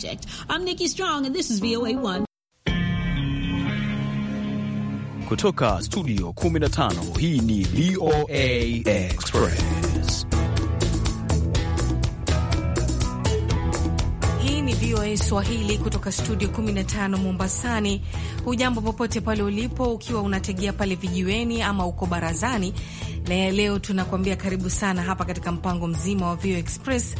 subject. I'm Nikki Strong and this is VOA1. Kutoka studio 15 hii ni VOA Express. Hii VOA Swahili kutoka studio 15 Mombasani. Hujambo popote pale ulipo, ukiwa unategea pale vijiweni ama uko barazani, na leo tunakuambia karibu sana hapa katika mpango mzima wa VOA Express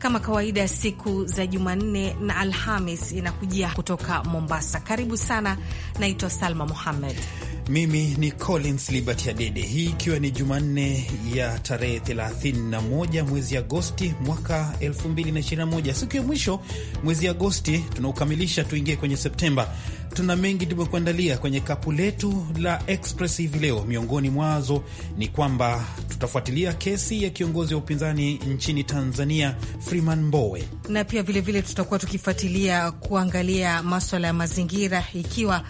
kama kawaida siku za Jumanne na Alhamis inakujia kutoka Mombasa. Karibu sana, naitwa Salma muhammed mimi ni Collins Liberty Adede, hii ikiwa ni Jumanne ya tarehe 31 mwezi Agosti mwaka 2021, siku ya mwisho mwezi Agosti. Tunaukamilisha, tuingie kwenye Septemba. Tuna mengi tumekuandalia kwenye kapu letu la Express hivi leo. Miongoni mwazo ni kwamba tutafuatilia kesi ya kiongozi wa upinzani nchini Tanzania Freeman Mbowe, na pia vilevile tutakuwa tukifuatilia kuangalia maswala ya mazingira, ikiwa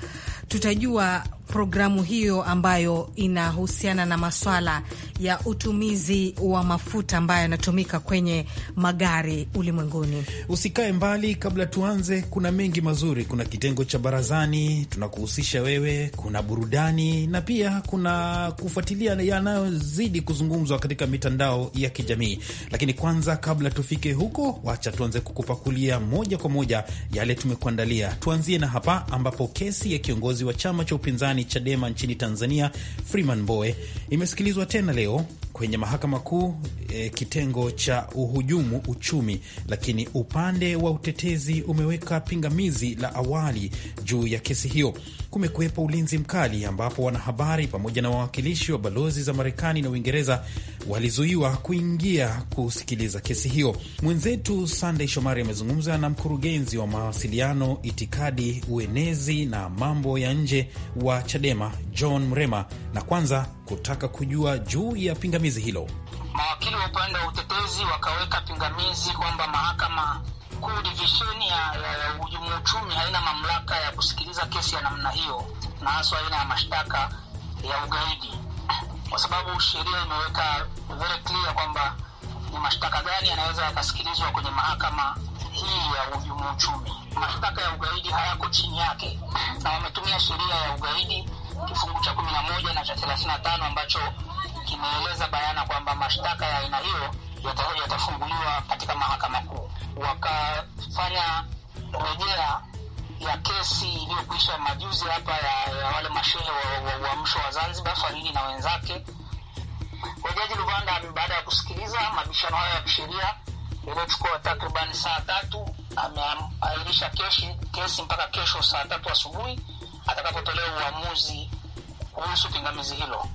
tutajua programu hiyo ambayo inahusiana na maswala ya utumizi wa mafuta ambayo yanatumika kwenye magari ulimwenguni. Usikae mbali, kabla tuanze, kuna mengi mazuri. Kuna kitengo cha barazani, tunakuhusisha wewe, kuna burudani na pia kuna kufuatilia yanayozidi kuzungumzwa katika mitandao ya kijamii. Lakini kwanza, kabla tufike huko, wacha tuanze kukupakulia moja kwa moja yale tumekuandalia. Tuanzie na hapa ambapo kesi ya kiongozi wa chama cha upinzani upinzani Chadema nchini Tanzania, Freeman Mbowe, imesikilizwa tena leo kwenye mahakama kuu e, kitengo cha uhujumu uchumi, lakini upande wa utetezi umeweka pingamizi la awali juu ya kesi hiyo kumekuwepo ulinzi mkali, ambapo wanahabari pamoja na wawakilishi wa balozi za Marekani na Uingereza walizuiwa kuingia kusikiliza kesi hiyo. Mwenzetu Sandey Shomari amezungumza na mkurugenzi wa mawasiliano, itikadi, uenezi na mambo ya nje wa CHADEMA John Mrema, na kwanza kutaka kujua juu ya pingamizi hilo. Mawakili wa upande wa utetezi wakaweka pingamizi kwamba mahakama kuu divisheni ya uhujumu uchumi haina mamlaka ya kusikiliza kesi ya namna hiyo, na haswa aina ya mashtaka ya ugaidi, kwa sababu sheria imeweka very clear kwamba ni mashtaka gani yanaweza yakasikilizwa kwenye mahakama hii ya uhujumu uchumi. Mashtaka ya ugaidi hayako chini yake, na wametumia sheria ya ugaidi kifungu cha kumi na moja na cha thelathini na tano ambacho kimeeleza bayana kwamba mashtaka ya aina hiyo yatafunguliwa yata katika mahakama kuu, wakafanya rejea ya kesi iliyokwisha majuzi hapa ya, ya wale mashehe wa uamsho wa, wa, wa Zanzibar Faridi na wenzake. Kwa Jaji baada ya kusikiliza mabishano hayo ya kisheria yaliyochukua takriban saa tatu, ameahirisha kesi mpaka kesho saa tatu asubuhi atakapotolewa uamuzi kuhusu pingamizi hilo.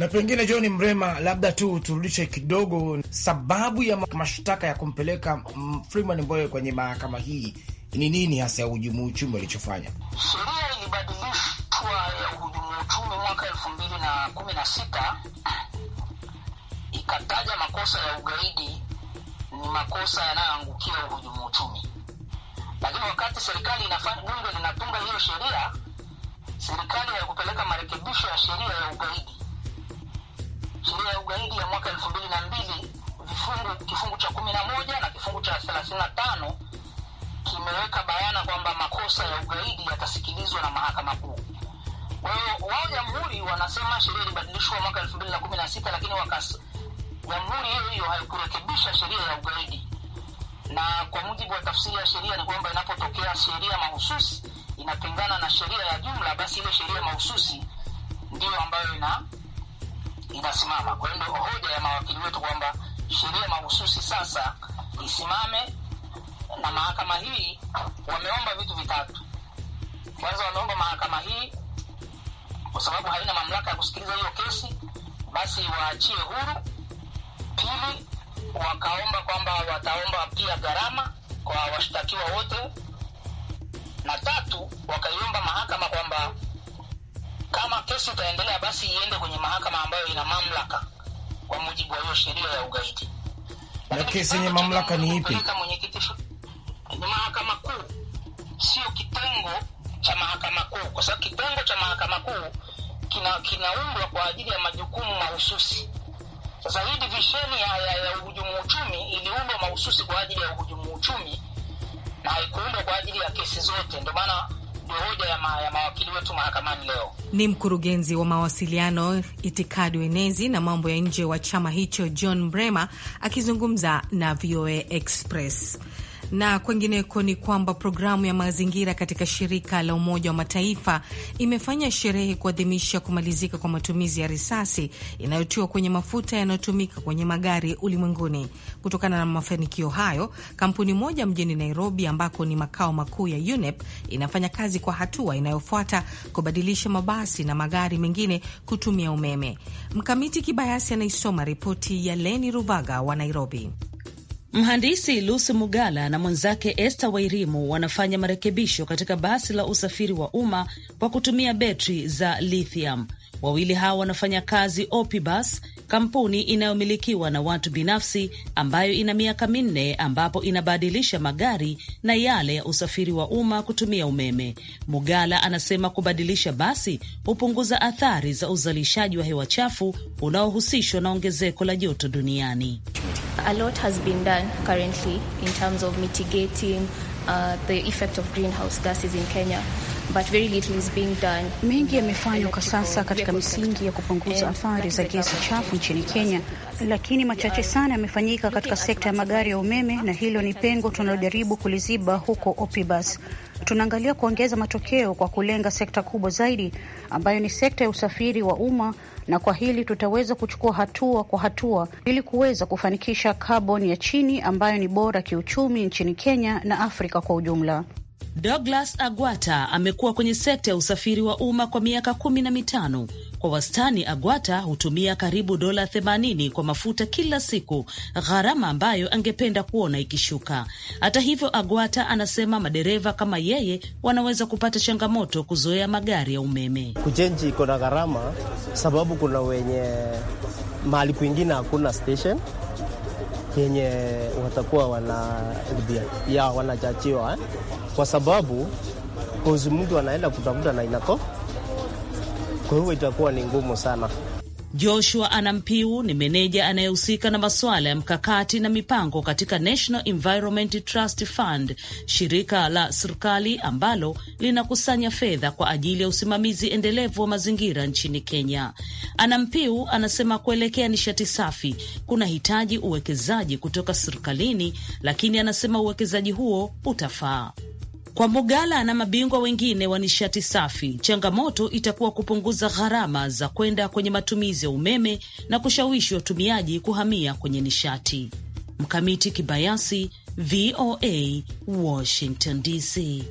Na pengine John Mrema, labda tu turudishe kidogo sababu ya mashtaka ya kumpeleka Freeman Mbowe kwenye mahakama hii ni nini hasa ya uhujumu uchumi walichofanya? Sheria ilibadilishwa ya uhujumu uchumi mwaka elfu mbili na kumi na sita ikataja makosa ya ugaidi ni makosa yanayoangukia uhujumu uchumi, lakini wakati serikali inafanya bunge linatunga hiyo sheria, serikali ya kupeleka marekebisho ya sheria ya ugaidi sheria ya ugaidi ya mwaka elfu mbili na mbili vifungu kifungu cha kumi na moja na kifungu cha thelathini na tano kimeweka bayana kwamba makosa ya ugaidi yatasikilizwa na mahakama kuu. Kwa hiyo wao jamhuri wanasema sheria ilibadilishwa mwaka elfu mbili na kumi na sita lakini wakas jamhuri hiyo hiyo haikurekebisha sheria ya ugaidi, na kwa mujibu wa tafsiri ya sheria ni kwamba inapotokea sheria mahususi inapingana na sheria ya jumla, basi ile sheria mahususi ndiyo ambayo ina inasimama. Kwa hiyo ndio hoja ya mawakili wetu kwamba sheria mahususi sasa isimame, na mahakama hii wameomba vitu vitatu. Kwanza wameomba mahakama hii, kwa sababu haina mamlaka ya kusikiliza hiyo kesi, basi waachie huru. Pili, wakaomba kwamba wataomba pia gharama kwa washtakiwa wote, na tatu, wakaiomba mahakama kwamba kama kesi itaendelea, basi iende kwenye mahakama ambayo ina mamlaka kwa mujibu wa hiyo sheria ya ugaidi. Na kesi yenye mamlaka ni ipi? Ni mahakama kuu, sio kitengo cha mahakama kuu, kwa sababu kitengo cha mahakama kuu kina kinaundwa kwa ajili ya majukumu mahususi. Sasa hii divisheni ya, ya, ya uhujumu uchumi iliundwa mahususi kwa ajili ya uhujumu uchumi na haikuundwa kwa ajili ya kesi zote, ndio maana hoja ya, ma, ya mawakili wetu mahakamani leo. Ni mkurugenzi wa mawasiliano, itikadi wenezi na mambo ya nje wa chama hicho John Brema akizungumza na VOA Express. Na kwengineko ni kwamba programu ya mazingira katika shirika la Umoja wa Mataifa imefanya sherehe kuadhimisha kumalizika kwa matumizi ya risasi inayotiwa kwenye mafuta yanayotumika kwenye magari ulimwenguni. Kutokana na mafanikio hayo, kampuni moja mjini Nairobi, ambako ni makao makuu ya UNEP, inafanya kazi kwa hatua inayofuata kubadilisha mabasi na magari mengine kutumia umeme. Mkamiti Kibayasi anaisoma ripoti ya Leni Ruvaga wa Nairobi. Mhandisi Lucy Mugala na mwenzake Esther Wairimu wanafanya marekebisho katika basi la usafiri wa umma kwa kutumia betri za lithium. Wawili hawa wanafanya kazi Opibus, kampuni inayomilikiwa na watu binafsi ambayo ina miaka minne, ambapo inabadilisha magari na yale ya usafiri wa umma kutumia umeme. Mugala anasema kubadilisha basi hupunguza athari za uzalishaji wa hewa chafu unaohusishwa na ongezeko la joto duniani. A lot has been done currently in terms of mitigating, uh, the effect of greenhouse gases in Kenya but very little is being done. Mengi yamefanywa kwa sasa katika misingi ya kupunguza athari za gesi chafu nchini Kenya, lakini machache sana yamefanyika katika sekta ya magari ya umeme, na hilo ni pengo tunalojaribu kuliziba huko Opibus. Tunaangalia kuongeza matokeo kwa kulenga sekta kubwa zaidi ambayo ni sekta ya usafiri wa umma, na kwa hili tutaweza kuchukua hatua kwa hatua ili kuweza kufanikisha kaboni ya chini ambayo ni bora kiuchumi nchini Kenya na Afrika kwa ujumla. Douglas Agwata amekuwa kwenye sekta ya usafiri wa umma kwa miaka kumi na mitano. Kwa wastani, Agwata hutumia karibu dola 80 kwa mafuta kila siku, gharama ambayo angependa kuona ikishuka. Hata hivyo, Agwata anasema madereva kama yeye wanaweza kupata changamoto kuzoea magari ya umeme. Kuchenji iko na gharama, sababu kuna wenye mahali kwingine hakuna station yenye watakuwa ya wanachachiwa eh? Kwa sababu kozi mtu anaenda kutafuta na inako, kwa hiyo itakuwa ni ngumu sana. Joshua Anampiu ni meneja anayehusika na masuala ya mkakati na mipango katika National Environment Trust Fund, shirika la serikali ambalo linakusanya fedha kwa ajili ya usimamizi endelevu wa mazingira nchini Kenya. Anampiu anasema kuelekea nishati safi kuna hitaji uwekezaji kutoka serikalini, lakini anasema uwekezaji huo utafaa. Kwa Mugala na mabingwa wengine wa nishati safi, changamoto itakuwa kupunguza gharama za kwenda kwenye matumizi ya umeme na kushawishi watumiaji kuhamia kwenye nishati. Mkamiti Kibayasi, VOA, Washington DC.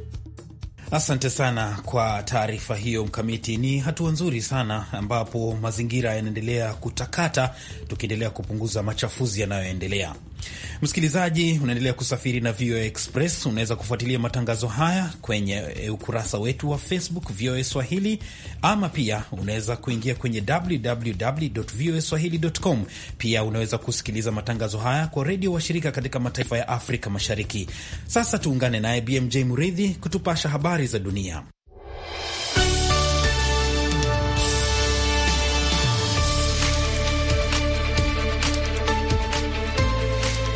Asante sana kwa taarifa hiyo Mkamiti. Ni hatua nzuri sana ambapo mazingira yanaendelea kutakata, tukiendelea kupunguza machafuzi yanayoendelea. Msikilizaji, unaendelea kusafiri na VOA Express. Unaweza kufuatilia matangazo haya kwenye e, ukurasa wetu wa Facebook VOA Swahili, ama pia unaweza kuingia kwenye www voa swahili.com. Pia unaweza kusikiliza matangazo haya kwa redio washirika katika mataifa ya Afrika Mashariki. Sasa tuungane naye BMJ Muridhi kutupasha habari za dunia.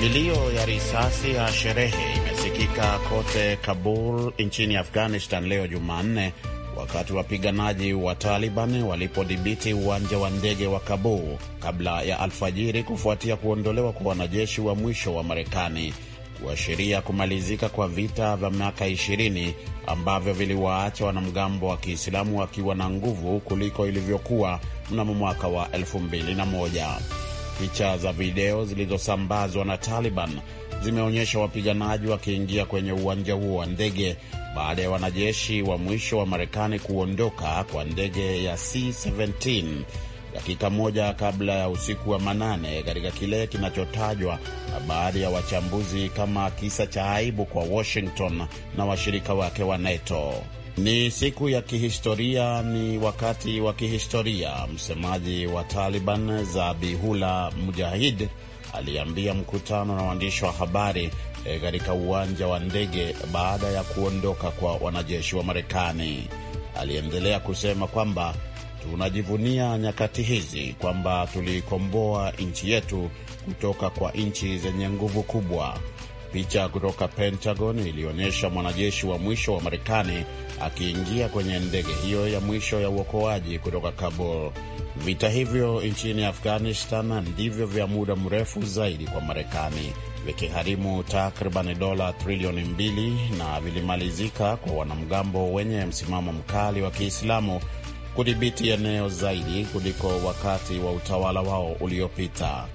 Milio ya risasi ya sherehe imesikika kote Kabul nchini Afghanistan leo Jumanne, wakati wapiganaji wa Taliban walipodhibiti uwanja wa ndege wa Kabul kabla ya alfajiri, kufuatia kuondolewa kwa wanajeshi wa mwisho wa Marekani kuashiria kumalizika kwa vita vya miaka 20 ambavyo viliwaacha wanamgambo wa Kiislamu wakiwa na nguvu kuliko ilivyokuwa mnamo mwaka wa 2001. Picha za video zilizosambazwa na Taliban zimeonyesha wapiganaji wakiingia kwenye uwanja huo wa ndege baada ya wanajeshi wa mwisho wa Marekani kuondoka kwa ndege ya C-17 dakika moja kabla ya usiku wa manane katika kile kinachotajwa na baadhi ya wachambuzi kama kisa cha aibu kwa Washington na washirika wake wa NATO. Ni siku ya kihistoria, ni wakati wa kihistoria, msemaji wa Taliban Zabihullah Mujahid aliambia mkutano na waandishi wa habari e, katika uwanja wa ndege baada ya kuondoka kwa wanajeshi wa Marekani. Aliendelea kusema kwamba tunajivunia nyakati hizi kwamba tuliikomboa nchi yetu kutoka kwa nchi zenye nguvu kubwa Picha kutoka Pentagon ilionyesha mwanajeshi wa mwisho wa Marekani akiingia kwenye ndege hiyo ya mwisho ya uokoaji kutoka Kabul. Vita hivyo nchini Afghanistan ndivyo vya muda mrefu zaidi kwa Marekani, vikiharimu takriban dola trilioni mbili na vilimalizika kwa wanamgambo wenye msimamo mkali wa Kiislamu kudhibiti eneo zaidi kuliko wakati wa utawala wao uliopita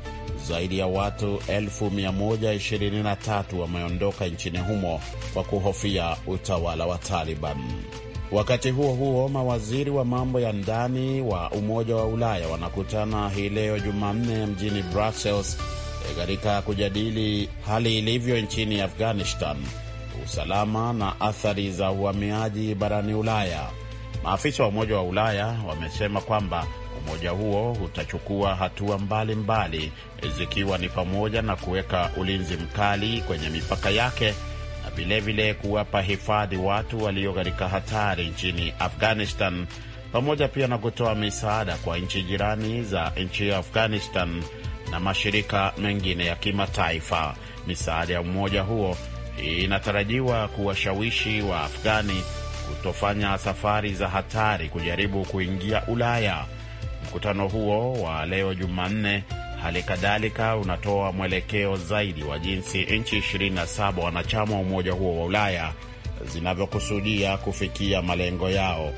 zaidi ya watu elfu 123 wameondoka nchini humo kwa kuhofia utawala wa Taliban. Wakati huo huo, mawaziri wa mambo ya ndani wa Umoja wa Ulaya wanakutana hii leo Jumanne mjini Brussels eh, katika kujadili hali ilivyo nchini Afghanistan, usalama na athari za uhamiaji barani Ulaya. Maafisa wa Umoja wa Ulaya wamesema kwamba Umoja huo utachukua hatua mbalimbali mbali, zikiwa ni pamoja na kuweka ulinzi mkali kwenye mipaka yake na vilevile kuwapa hifadhi watu walio katika hatari nchini Afghanistan pamoja pia na kutoa misaada kwa nchi jirani za nchi ya Afghanistan na mashirika mengine ya kimataifa. Misaada ya umoja huo inatarajiwa kuwashawishi wa Afghani kutofanya safari za hatari kujaribu kuingia Ulaya Mkutano huo wa leo Jumanne hali kadhalika unatoa mwelekeo zaidi wa jinsi nchi 27 wanachama wa umoja huo wa Ulaya zinavyokusudia kufikia malengo yao.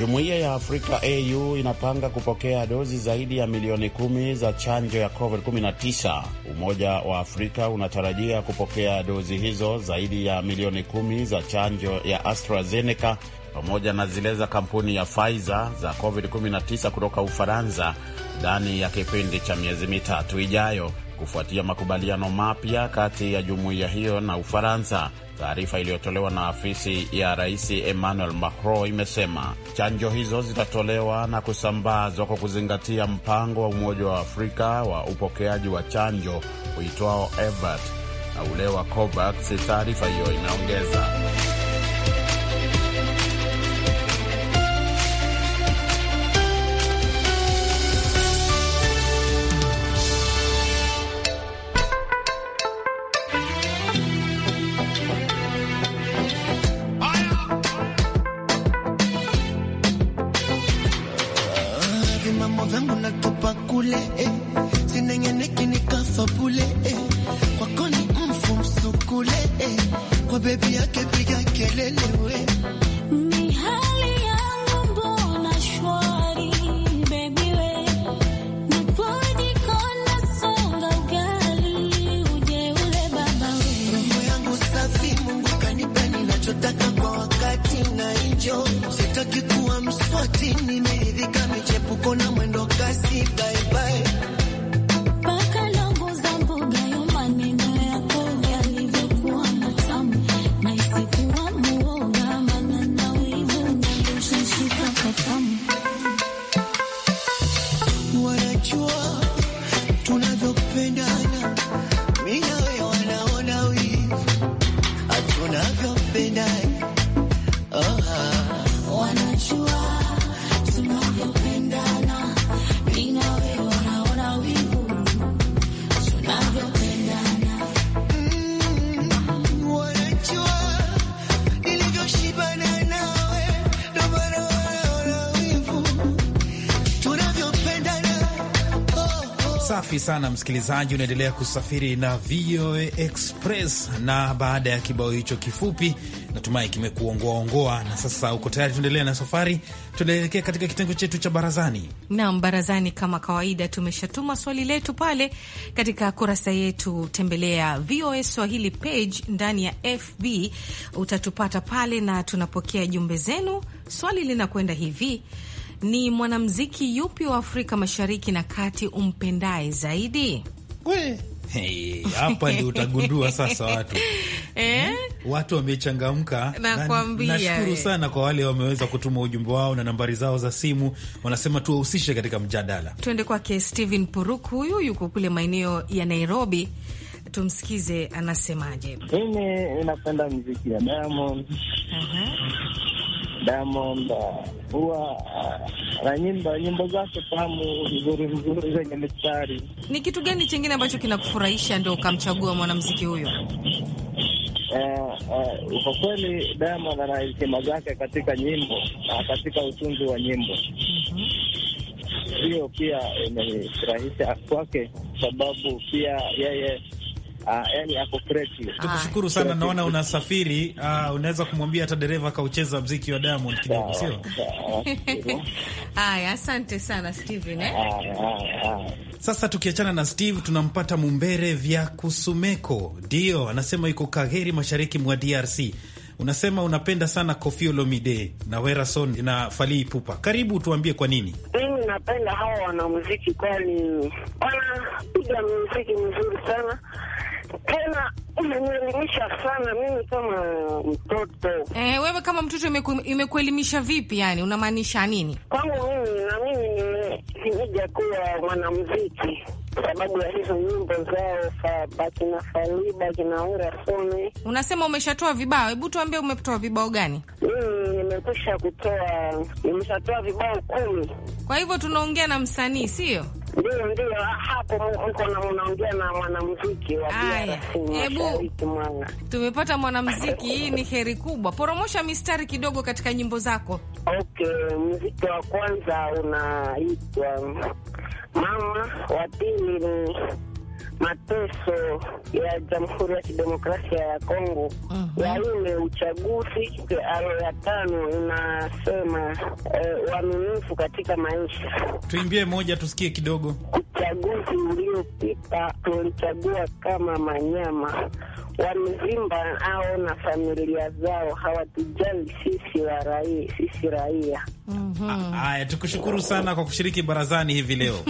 Jumuiya ya Afrika AU inapanga kupokea dozi zaidi ya milioni kumi za chanjo ya COVID-19. Umoja wa Afrika unatarajia kupokea dozi hizo zaidi ya milioni kumi za chanjo ya AstraZeneca pamoja na zile za kampuni ya Pfizer za COVID-19 kutoka Ufaransa ndani ya kipindi cha miezi mitatu ijayo kufuatia makubaliano mapya kati ya jumuiya hiyo na Ufaransa. Taarifa iliyotolewa na afisi ya Rais Emmanuel Macron imesema chanjo hizo zitatolewa na kusambazwa kwa kuzingatia mpango wa Umoja wa Afrika wa upokeaji wa chanjo uitwao EVAT na ule wa COVAX, taarifa hiyo imeongeza. sana msikilizaji, unaendelea kusafiri na VOA Express, na baada ya kibao hicho kifupi, natumai kimekuongoaongoa na sasa uko tayari. Tuendelee na safari, tunaelekea katika kitengo chetu cha barazani. Naam, barazani kama kawaida, tumeshatuma swali letu pale katika kurasa yetu, tembelea VOA Swahili page ndani ya FB, utatupata pale na tunapokea jumbe zenu. Swali linakwenda hivi: ni mwanamziki yupi wa Afrika Mashariki na Kati umpendaye zaidi? Hapa Hey, ndio utagundua sasa watu eh? Watu wamechangamka. Nashukuru sana kwa wale wameweza kutuma ujumbe wao na nambari zao za simu, wanasema tuwahusishe katika mjadala. Tuende kwake Steven Puruk, huyu yuko kule maeneo ya Nairobi, tumsikize anasemaje. Mimi napenda mziki ya Diamond Diamond uh, huwa anaimba uh, nyimbo zake tamu nzuri nzuri zenye mistari. Ni kitu gani chingine ambacho kinakufurahisha ndio ukamchagua mwanamuziki huyo? Eh, eh, kwa kweli Diamond ana hekima zake katika nyimbo na katika utunzi wa nyimbo mhm. hiyo, pia imenifurahisha kwake, sababu pia yeye Ah, yani ako freshi. Tukushukuru sana, naona unasafiri. Ah, unaweza kumwambia hata dereva akaucheza mziki wa Diamond kidogo, sio? Ah, Haya, asante sana Steven. Sasa tukiachana na Steve tunampata Mumbere vya Kusumeko, ndio anasema iko Kagheri, mashariki mwa DRC. Unasema unapenda sana Koffi Olomide na Werason na Fally Ipupa. Karibu tuambie kwa nini. Mimi napenda hawa wanamuziki, kwani wanapiga muziki mzuri sana tena umenielimisha sana mimi kama mtoto eh. Wewe kama mtoto imekuelimisha vipi? Yani unamaanisha nini? Kwangu mimi, na mimi nimehimija kuwa mwanamuziki sababu ya hizo nyimbo zao fa bakina faliba kinaura Sone. Unasema umeshatoa vibao, hebu tuambie umetoa vibao gani? Mimi nimekwisha kutoa, nimeshatoa vibao kumi. Kwa hivyo tunaongea na msanii, sio? Ndio, ndio, hapo mko mnaongea na mwanamuziki wa Hebu tumepata mwanamuziki. Hii ni heri kubwa. Poromosha mistari kidogo katika nyimbo zako. Okay, muziki wa kwanza unaitwa Mama wa pili ni mateso ya Jamhuri ya Kidemokrasia ya Kongo uh-huh. ya ile uchaguzi alo ya tano inasema eh, uaminifu eh, katika maisha. Tuimbie moja tusikie kidogo. Uchaguzi uliopita tulichagua kama manyama wamezimba au na familia zao, hawatujali sisi wa raia, sisi raia. mm -hmm. Haya, tukushukuru sana kwa kushiriki barazani hivi leo.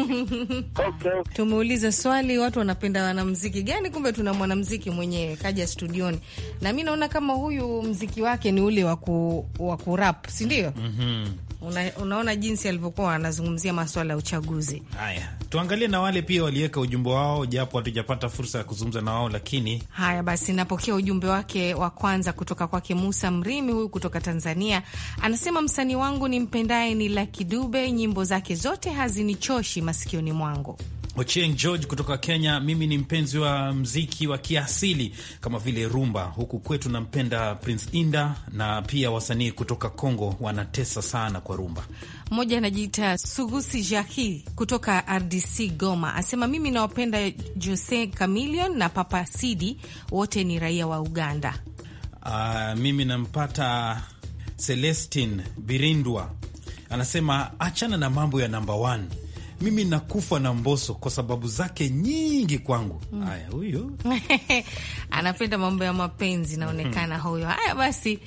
Okay. Tumeuliza swali, watu wanapenda wanamziki gani? Kumbe tuna mwanamziki mwenyewe kaja studioni, na mi naona kama huyu mziki wake ni ule wa kurap, si ndio? mm -hmm. Una, unaona jinsi alivyokuwa anazungumzia maswala ya uchaguzi haya. Tuangalie na wale pia waliweka ujumbe wao, japo hatujapata fursa ya kuzungumza na wao, lakini haya basi, napokea ujumbe wake wa kwanza kutoka kwake Musa Mrimi, huyu kutoka Tanzania. Anasema msanii wangu nimpendaye ni Lucky Dube, nyimbo zake zote hazinichoshi masikioni mwangu. Ochieng George kutoka Kenya. Mimi ni mpenzi wa mziki wa kiasili kama vile rumba, huku kwetu nampenda Prince Inda, na pia wasanii kutoka Congo wanatesa sana kwa rumba. Mmoja anajiita Sugusi jahi kutoka RDC Goma, asema mimi nawapenda Jose Camilion na Papa Sidi, wote ni raia wa Uganda. Uh, mimi nampata Celestin Birindwa, anasema achana na mambo ya namba mimi nakufa na Mboso kwa sababu zake nyingi kwangu. Haya, mm. huyo anapenda mambo ya mapenzi naonekana mm-hmm. huyo. Haya basi,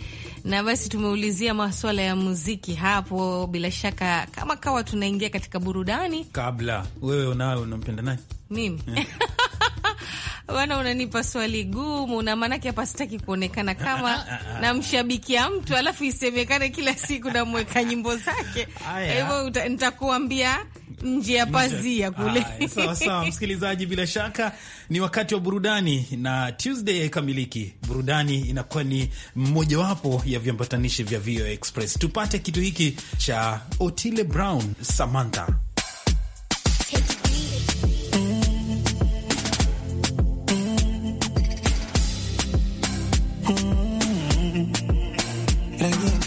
na basi tumeulizia maswala ya muziki hapo. Bila shaka kama kawa, tunaingia katika burudani. Kabla wewe unawe unampenda naye Mimi yeah. Bana, unanipa swali gumu, na maanake hapa sitaki kuonekana kama ah, ah, ah. namshabikia mtu alafu isemekane kila siku namweka nyimbo zake. Kwa hivyo nitakuambia nje ya pazia kule. Sawa sawa, msikilizaji, bila shaka ni wakati wa burudani na Tuesday haikamiliki. Burudani inakuwa ni mmojawapo ya viambatanishi vya VOA Express. Tupate kitu hiki cha Otile Brown, Samantha. Mm-hmm.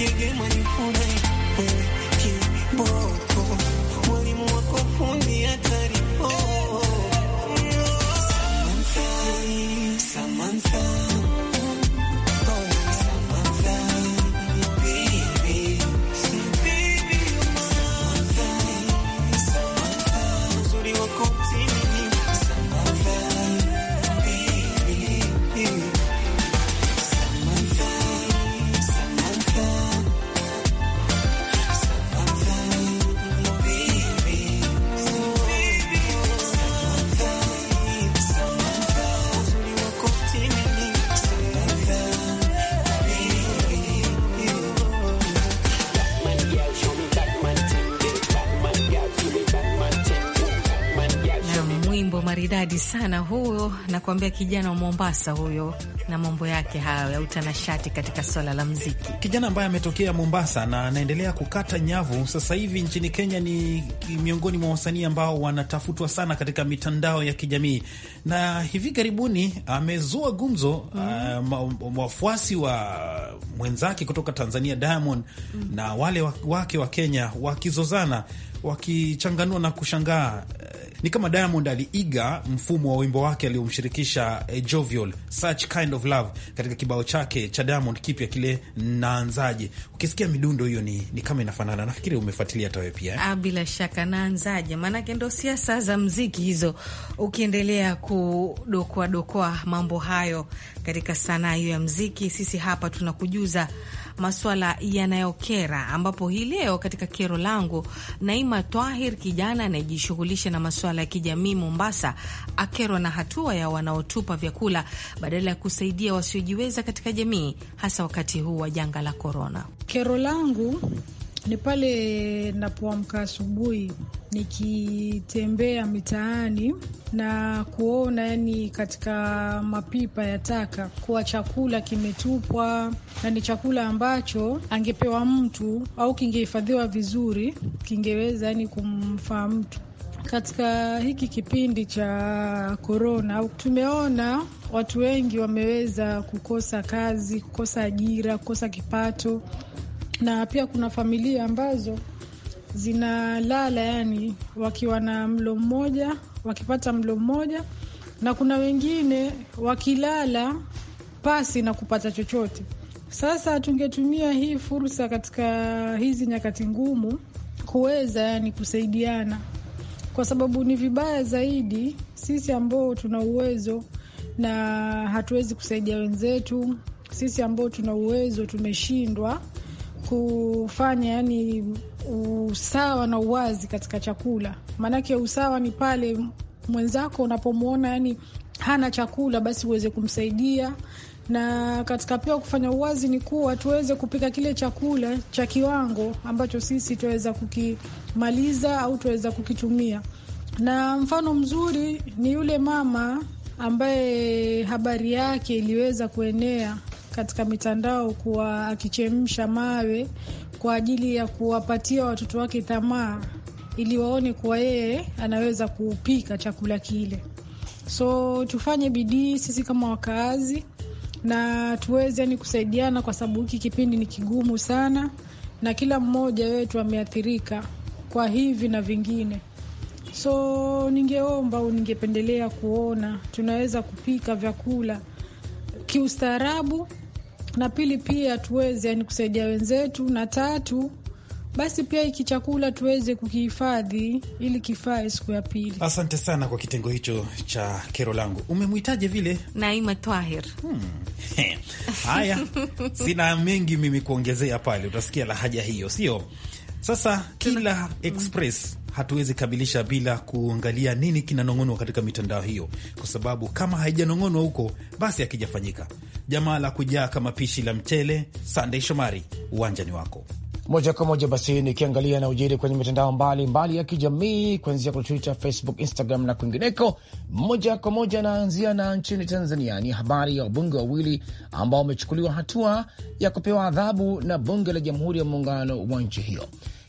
yeah, yeah, money for night. Yeah, sana huyo, nakuambia kijana wa Mombasa huyo na mambo yake hayo ya utanashati katika swala la mziki, kijana ambaye ametokea Mombasa na anaendelea kukata nyavu. Sasa hivi nchini Kenya ni miongoni mwa wasanii ambao wanatafutwa sana katika mitandao ya kijamii, na hivi karibuni amezua gumzo mm, wafuasi wa mwenzake kutoka Tanzania Diamond mm, na wale wake wa Kenya wakizozana wakichanganua na kushangaa eh, ni kama Diamond aliiga mfumo wa wimbo wake aliomshirikisha eh, Jovial Such Kind of Love katika kibao chake cha Diamond kipya kile Naanzaje. Ukisikia midundo hiyo ni, ni kama inafanana. Nafikiri umefuatilia hata wewe pia eh? Ah, bila shaka Naanzaje, maanake ndo siasa za mziki hizo, ukiendelea kudokoadokoa mambo hayo katika sanaa hiyo ya mziki, sisi hapa tunakujuza maswala yanayokera, ambapo hii leo katika kero langu Naima Twahir, kijana anayejishughulisha na maswala ya kijamii Mombasa, akerwa na hatua ya wanaotupa vyakula badala ya kusaidia wasiojiweza katika jamii, hasa wakati huu wa janga la korona. Kero langu ni pale napoamka asubuhi nikitembea mitaani na kuona yani, katika mapipa ya taka kuwa chakula kimetupwa na ni chakula ambacho angepewa mtu au kingehifadhiwa vizuri, kingeweza yani kumfaa mtu. Katika hiki kipindi cha korona tumeona watu wengi wameweza kukosa kazi, kukosa ajira, kukosa kipato na pia kuna familia ambazo zinalala yani wakiwa na mlo mmoja, wakipata mlo mmoja, na kuna wengine wakilala pasi na kupata chochote. Sasa tungetumia hii fursa katika hizi nyakati ngumu kuweza yani kusaidiana, kwa sababu ni vibaya zaidi sisi ambao tuna uwezo na hatuwezi kusaidia wenzetu. Sisi ambao tuna uwezo tumeshindwa kufanya yani usawa na uwazi katika chakula. Maanake usawa ni pale mwenzako unapomwona yani hana chakula, basi uweze kumsaidia na katika pia kufanya uwazi ni kuwa tuweze kupika kile chakula cha kiwango ambacho sisi tuweza kukimaliza au tuweza kukitumia. Na mfano mzuri ni yule mama ambaye habari yake iliweza kuenea katika mitandao kuwa akichemsha mawe kwa ajili ya kuwapatia watoto wake tamaa, ili waone kuwa yeye anaweza kupika chakula kile. So tufanye bidii sisi kama wakaazi na tuweze yani kusaidiana, kwa sababu hiki kipindi ni kigumu sana, na kila mmoja wetu ameathirika kwa hivi na vingine. So ningeomba au ningependelea kuona tunaweza kupika vyakula kiustaarabu, na pili pia tuweze yani kusaidia wenzetu, na tatu basi pia hiki chakula tuweze kukihifadhi ili kifae siku ya pili. Asante sana kwa kitengo hicho cha kero langu. Umemwitaje vile? Naima Twahir. Hmm. Haya, hmm. sina mengi mimi kuongezea pale, utasikia lahaja hiyo, sio sasa kila mm-hmm. express hatuwezi kamilisha bila kuangalia nini kinanong'onwa katika mitandao hiyo, kwa sababu kama haijanong'onwa huko, basi akijafanyika Jamaa la kujaa kama pishi la mchele. Sandey Shomari, uwanjani wako moja kwa moja. Basi nikiangalia na ujiri kwenye mitandao mbalimbali ya kijamii kuanzia kwenye Twitter, Facebook, Instagram na kwingineko. Moja kwa moja naanzia na nchini Tanzania, ni habari ya wabunge wawili ambao wamechukuliwa hatua ya kupewa adhabu na bunge la Jamhuri ya Muungano wa nchi hiyo.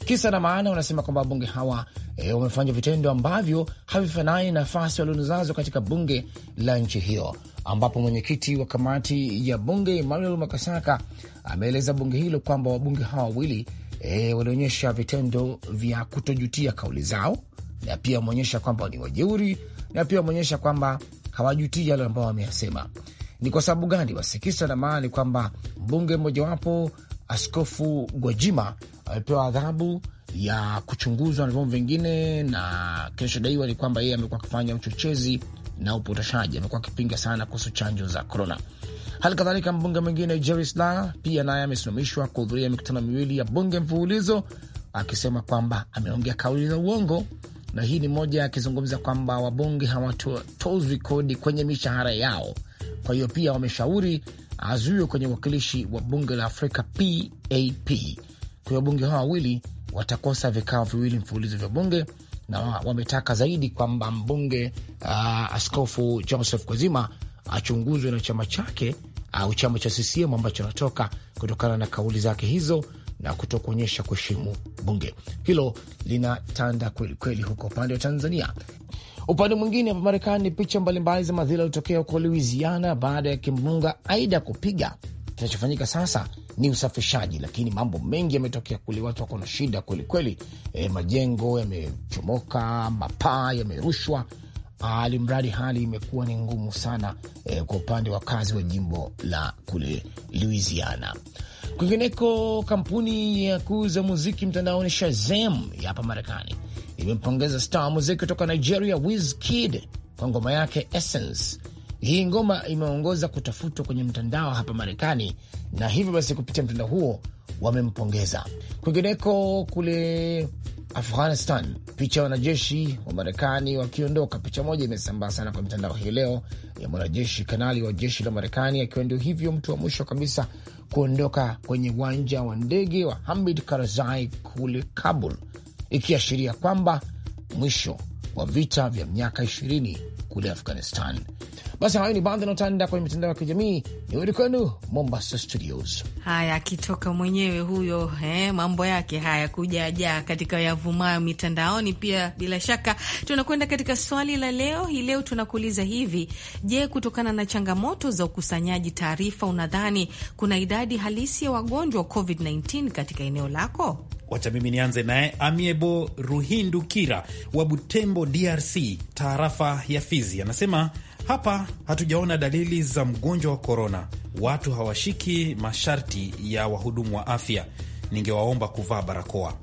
Kisa na maana, wanasema kwamba wabunge hawa e, wamefanya vitendo ambavyo havifanani nafasi walionazo katika bunge la nchi hiyo, ambapo mwenyekiti wa kamati ya bunge Emmanuel Makasaka ameeleza bunge hilo kwamba wabunge hawa wawili e, walionyesha vitendo vya kutojutia kauli zao, na pia wameonyesha kwamba ni wajeuri, na pia wameonyesha kwamba hawajutii yale ambao wameyasema. Ni kwa sababu gani? Basi kisa na maana ni kwamba mbunge mmojawapo Askofu Gwajima amepewa adhabu ya kuchunguzwa na vyombo vingine, na kinachodaiwa ni kwamba yeye amekuwa akifanya uchochezi na upotoshaji. Amekuwa akipinga sana kuhusu chanjo za korona. Hali kadhalika mbunge mwingine Jerry Sla pia naye amesimamishwa kuhudhuria mikutano miwili ya bunge mfululizo, akisema kwamba ameongea kauli za uongo, na hii ni moja akizungumza kwamba wabunge hawatozwi kodi kwenye mishahara yao. Kwa hiyo pia wameshauri azuiwe kwenye uwakilishi wa bunge la Afrika PAP. Kwa hiyo wabunge hawa wawili watakosa vikao viwili mfululizo vya bunge, na wametaka zaidi kwamba mbunge uh, Askofu Joseph Kwazima achunguzwe na chama chake au chama cha CCM ambacho anatoka kutokana na kauli zake hizo na kutokuonyesha kuheshimu bunge. Hilo linatanda kwelikweli huko upande wa Tanzania. Upande mwingine, hapa Marekani ni picha mbalimbali za madhila yaliyotokea huko Louisiana baada ya kimbunga Aida kupiga. Kinachofanyika sasa ni usafishaji, lakini mambo mengi yametokea kule. Watu wako na shida kwelikweli. E, majengo yamechomoka, mapaa yamerushwa, alimradi hali imekuwa ni ngumu sana e, kwa upande wa kazi wa jimbo la kule Louisiana. Kwingineko, kampuni ya kuuza muziki mtandaoni Shazam ya hapa Marekani imempongeza star muziki kutoka Nigeria Wizkid kwa ngoma yake Essence. Hii ngoma imeongoza kutafutwa kwenye mtandao hapa Marekani, na hivyo basi kupitia mtandao huo wamempongeza. Kwingineko kule Afghanistan. Picha ya wanajeshi wa Marekani wakiondoka. Picha moja imesambaa sana kwa mitandao hii leo ya mwanajeshi kanali wa jeshi la Marekani akiwa ndio hivyo mtu wa mwisho kabisa kuondoka kwenye uwanja wa ndege wa Hamid Karzai kule Kabul, ikiashiria kwamba mwisho wa vita vya miaka ishirini kule Afghanistan. Basi hayo ni baadhi yanaotanda kwenye mitandao ya kijamii. Ni wedi kwenu Mombasa Studios. Haya, akitoka mwenyewe huyo eh, mambo yake haya kujajaa katika yavumayo mitandaoni. Pia bila shaka tunakwenda katika swali la leo. Hii leo tunakuuliza hivi: je, kutokana na changamoto za ukusanyaji taarifa, unadhani kuna idadi halisi ya wagonjwa wa COVID-19 katika eneo lako? Wacha mimi nianze naye Amiebo Kira wa Butembo, DRC, tarafa ya Fizi, anasema hapa hatujaona dalili za mgonjwa wa korona, watu hawashiki masharti ya wahudumu wa afya. Ningewaomba kuvaa barakoa.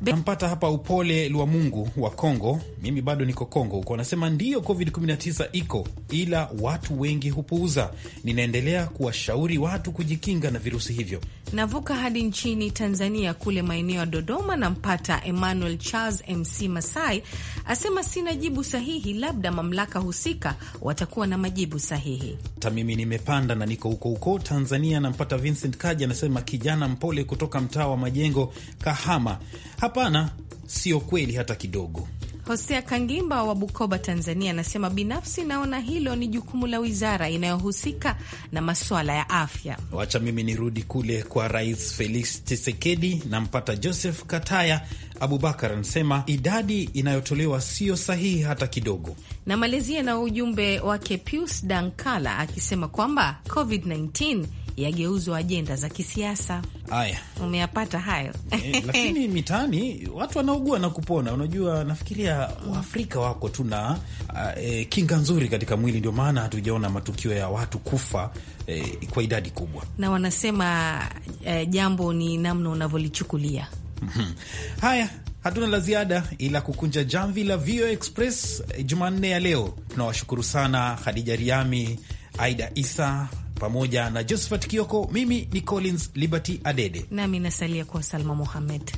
Nampata hapa upole lwa Mungu wa Kongo, mimi bado niko Kongo huko, anasema ndiyo, COVID-19 iko ila watu wengi hupuuza. Ninaendelea kuwashauri watu kujikinga na virusi hivyo. Navuka hadi nchini Tanzania, kule maeneo ya Dodoma, nampata Emmanuel Charles Mc Masai, asema sina jibu sahihi, labda mamlaka husika watakuwa na majibu sahihi. Hata mimi nimepanda na niko huko huko Tanzania. Nampata Vincent Kaji, anasema kijana mpole kutoka mtaa wa Majengo, Kahama Hapana, sio kweli hata kidogo. Hosea Kangimba wa Bukoba, Tanzania, anasema binafsi naona hilo ni jukumu la wizara inayohusika na masuala ya afya. Wacha mimi nirudi kule kwa Rais Felix Tshisekedi. Nampata Joseph Kataya Abubakar anasema idadi inayotolewa siyo sahihi hata kidogo. Namalizia na ujumbe wake Pius Dankala akisema kwamba COVID-19 yageuzwa ajenda za kisiasa. Haya, umeyapata hayo e, lakini mitaani watu wanaugua na kupona. Unajua, nafikiria Waafrika wako tuna e, eh, eh, kinga nzuri katika mwili, ndio maana hatujaona matukio ya watu kufa e, kwa idadi kubwa, na wanasema e, jambo ni namna unavyolichukulia. Mhm. Haya, hatuna la ziada ila kukunja jamvi la VOA Express Jumanne ya leo. Tunawashukuru sana Khadija Riami, Aida Isa pamoja na Josephat Kioko. Mimi ni Collins Liberty Adede nami nasalia kuwa Salma Mohamed.